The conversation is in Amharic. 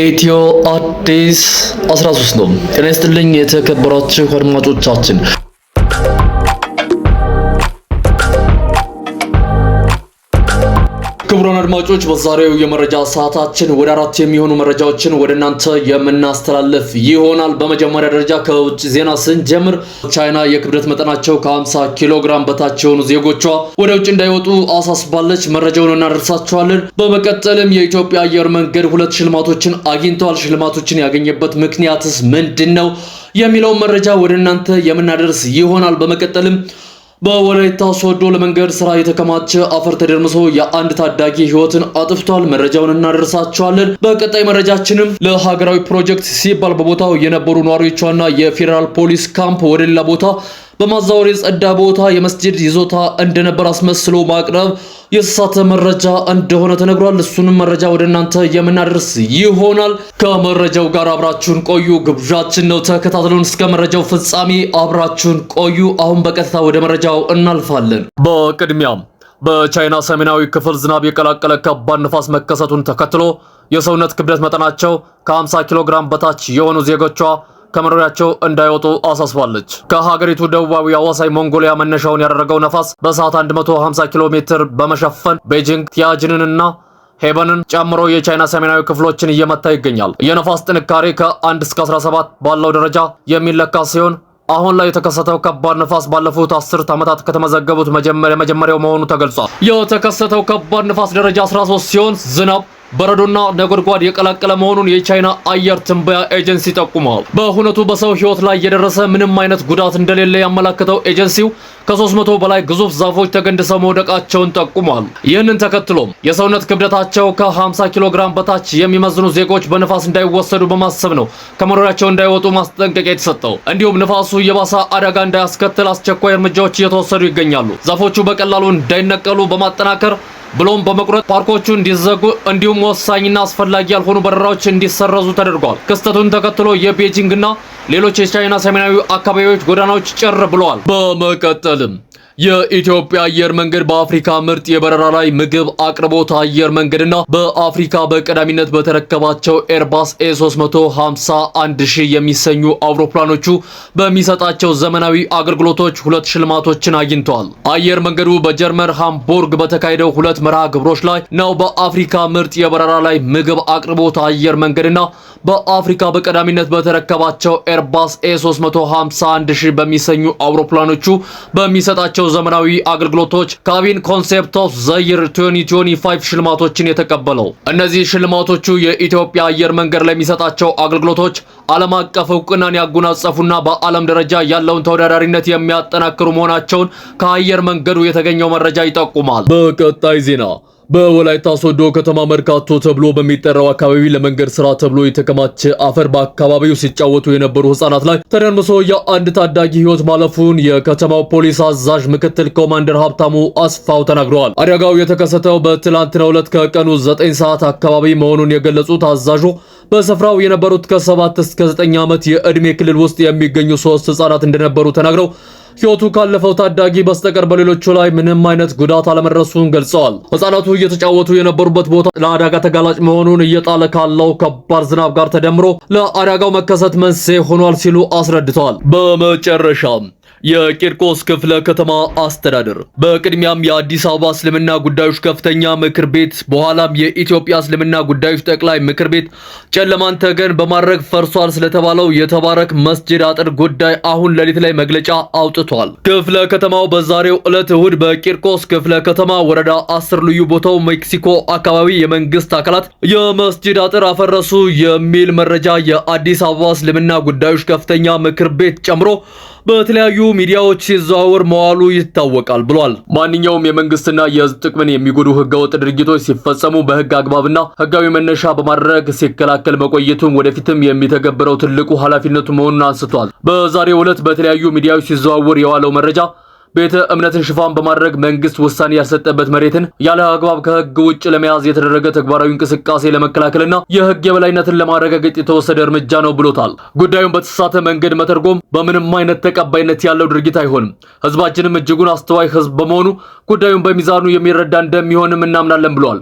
ኢትዮ አዲስ 13 ነው። ጤና ይስጥልኝ የተከበራችሁ አድማጮቻችን ክቡራን አድማጮች በዛሬው የመረጃ ሰዓታችን ወደ አራት የሚሆኑ መረጃዎችን ወደ እናንተ የምናስተላልፍ ይሆናል። በመጀመሪያ ደረጃ ከውጭ ዜና ስንጀምር ቻይና የክብደት መጠናቸው ከ50 ኪሎ ግራም በታች የሆኑ ዜጎቿ ወደ ውጭ እንዳይወጡ አሳስባለች። መረጃውን እናደርሳቸዋለን። በመቀጠልም የኢትዮጵያ አየር መንገድ ሁለት ሽልማቶችን አግኝተዋል። ሽልማቶችን ያገኘበት ምክንያትስ ምንድን ነው የሚለውን መረጃ ወደ እናንተ የምናደርስ ይሆናል። በመቀጠልም በወላይታ ሶዶ ለመንገድ ስራ የተከማቸ አፈር ተደርምሶ የአንድ ታዳጊ ህይወትን አጥፍቷል። መረጃውን እናደርሳቸዋለን። በቀጣይ መረጃችንም ለሀገራዊ ፕሮጀክት ሲባል በቦታው የነበሩ ነዋሪዎቿና የፌዴራል ፖሊስ ካምፕ ወደ ሌላ ቦታ በማዛወር የጸዳ ቦታ የመስጅድ ይዞታ እንደነበር አስመስሎ ማቅረብ የተሳተ መረጃ እንደሆነ ተነግሯል። እሱንም መረጃ ወደ እናንተ የምናደርስ ይሆናል። ከመረጃው ጋር አብራችሁን ቆዩ ግብዣችን ነው። ተከታትሎን እስከ መረጃው ፍጻሜ አብራችሁን ቆዩ። አሁን በቀጥታ ወደ መረጃው እናልፋለን። በቅድሚያም በቻይና ሰሜናዊ ክፍል ዝናብ የቀላቀለ ከባድ ንፋስ መከሰቱን ተከትሎ የሰውነት ክብደት መጠናቸው ከ50 ኪሎ ግራም በታች የሆኑ ዜጎቿ ከመኖሪያቸው እንዳይወጡ አሳስባለች። ከሀገሪቱ ደቡባዊ አዋሳኝ ሞንጎሊያ መነሻውን ያደረገው ነፋስ በሰዓት 150 ኪሎ ሜትር በመሸፈን ቤጂንግ ቲያጅንንና ሄበንን ጨምሮ የቻይና ሰሜናዊ ክፍሎችን እየመታ ይገኛል። የነፋስ ጥንካሬ ከ1 እስከ 17 ባለው ደረጃ የሚለካ ሲሆን አሁን ላይ የተከሰተው ከባድ ነፋስ ባለፉት አስርት ዓመታት ከተመዘገቡት መጀመሪያው መሆኑ ተገልጿል። የተከሰተው ከባድ ነፋስ ደረጃ 13 ሲሆን ዝናብ በረዶና ነጎድጓድ የቀላቀለ መሆኑን የቻይና አየር ትንበያ ኤጀንሲ ጠቁመዋል። በሁነቱ በሰው ህይወት ላይ የደረሰ ምንም አይነት ጉዳት እንደሌለ ያመላከተው ኤጀንሲው ከ300 በላይ ግዙፍ ዛፎች ተገንድሰው መውደቃቸውን ጠቁሟል። ይህንን ተከትሎም የሰውነት ክብደታቸው ከ50 ኪሎ ግራም በታች የሚመዝኑ ዜጎች በንፋስ እንዳይወሰዱ በማሰብ ነው ከመኖሪያቸው እንዳይወጡ ማስጠንቀቂያ የተሰጠው። እንዲሁም ንፋሱ የባሳ አደጋ እንዳያስከትል አስቸኳይ እርምጃዎች እየተወሰዱ ይገኛሉ። ዛፎቹ በቀላሉ እንዳይነቀሉ በማጠናከር ብሎም በመቁረጥ ፓርኮቹ እንዲዘጉ እንዲሁም ወሳኝና አስፈላጊ ያልሆኑ በረራዎች እንዲሰረዙ ተደርጓል። ክስተቱን ተከትሎ የቤጂንግና ሌሎች የቻይና ሰሜናዊ አካባቢዎች ጎዳናዎች ጭር ብለዋል። በመቀጠልም የኢትዮጵያ አየር መንገድ በአፍሪካ ምርጥ የበረራ ላይ ምግብ አቅርቦት አየር መንገድና በአፍሪካ በቀዳሚነት በተረከባቸው ኤርባስ ኤ351 ሺህ የሚሰኙ አውሮፕላኖቹ በሚሰጣቸው ዘመናዊ አገልግሎቶች ሁለት ሽልማቶችን አግኝተዋል። አየር መንገዱ በጀርመን ሃምቡርግ በተካሄደው ሁለት መርሃ ግብሮች ላይ ነው በአፍሪካ ምርጥ የበረራ ላይ ምግብ አቅርቦት አየር መንገድና በአፍሪካ በቀዳሚነት በተረከባቸው ኤርባስ ኤ351 ሺህ በሚሰኙ አውሮፕላኖቹ በሚሰጣቸው ዘመናዊ አገልግሎቶች ካቢን ኮንሴፕት ኦፍ ዘይር 2025 ሽልማቶችን የተቀበለው። እነዚህ ሽልማቶቹ የኢትዮጵያ አየር መንገድ ለሚሰጣቸው አገልግሎቶች ዓለም አቀፍ እውቅናን ያጎናጸፉና በዓለም ደረጃ ያለውን ተወዳዳሪነት የሚያጠናክሩ መሆናቸውን ከአየር መንገዱ የተገኘው መረጃ ይጠቁማል። በቀጣይ ዜና በወላይታ ሶዶ ከተማ መርካቶ ተብሎ በሚጠራው አካባቢ ለመንገድ ስራ ተብሎ የተከማቸ አፈር በአካባቢው ሲጫወቱ የነበሩ ህጻናት ላይ ተደርምሶ የአንድ ታዳጊ ህይወት ማለፉን የከተማው ፖሊስ አዛዥ ምክትል ኮማንደር ሀብታሙ አስፋው ተናግረዋል። አደጋው የተከሰተው በትላንትናው ዕለት ከቀኑ 9 ሰዓት አካባቢ መሆኑን የገለጹት አዛዡ በስፍራው የነበሩት ከ7 እስከ 9 ዓመት የዕድሜ ክልል ውስጥ የሚገኙ ሶስት ህጻናት እንደነበሩ ተናግረው ሕይወቱ ካለፈው ታዳጊ በስተቀር በሌሎቹ ላይ ምንም አይነት ጉዳት አለመድረሱን ገልጸዋል። ህጻናቱ እየተጫወቱ የነበሩበት ቦታ ለአደጋ ተጋላጭ መሆኑን እየጣለ ካለው ከባድ ዝናብ ጋር ተደምሮ ለአደጋው መከሰት መንስኤ ሆኗል ሲሉ አስረድተዋል። በመጨረሻም የቂርቆስ ክፍለ ከተማ አስተዳደር በቅድሚያም የአዲስ አበባ እስልምና ጉዳዮች ከፍተኛ ምክር ቤት በኋላም የኢትዮጵያ እስልምና ጉዳዮች ጠቅላይ ምክር ቤት ጨለማን ተገን በማድረግ ፈርሷል ስለተባለው የተባረክ መስጅድ አጥር ጉዳይ አሁን ሌሊት ላይ መግለጫ አውጥቷል። ክፍለ ከተማው በዛሬው ዕለት እሁድ በቂርቆስ ክፍለ ከተማ ወረዳ አስር ልዩ ቦታው ሜክሲኮ አካባቢ የመንግስት አካላት የመስጅድ አጥር አፈረሱ የሚል መረጃ የአዲስ አበባ እስልምና ጉዳዮች ከፍተኛ ምክር ቤት ጨምሮ በተለያዩ ሚዲያዎች ሲዘዋወር መዋሉ ይታወቃል ብሏል። ማንኛውም የመንግስትና የህዝብ ጥቅምን የሚጎዱ ህገወጥ ድርጊቶች ሲፈጸሙ በህግ አግባብና ህጋዊ መነሻ በማድረግ ሲከላከል መቆየቱን ወደፊትም የሚተገብረው ትልቁ ኃላፊነቱ መሆኑን አንስቷል። በዛሬው ዕለት በተለያዩ ሚዲያዎች ሲዘዋወር የዋለው መረጃ ቤተ እምነትን ሽፋን በማድረግ መንግስት ውሳኔ ያልሰጠበት መሬትን ያለ አግባብ ከህግ ውጭ ለመያዝ የተደረገ ተግባራዊ እንቅስቃሴ ለመከላከልና የህግ የበላይነትን ለማረጋገጥ የተወሰደ እርምጃ ነው ብሎታል። ጉዳዩን በተሳተ መንገድ መተርጎም በምንም አይነት ተቀባይነት ያለው ድርጊት አይሆንም። ህዝባችንም እጅጉን አስተዋይ ህዝብ በመሆኑ ጉዳዩን በሚዛኑ የሚረዳ እንደሚሆንም እናምናለን ብለዋል።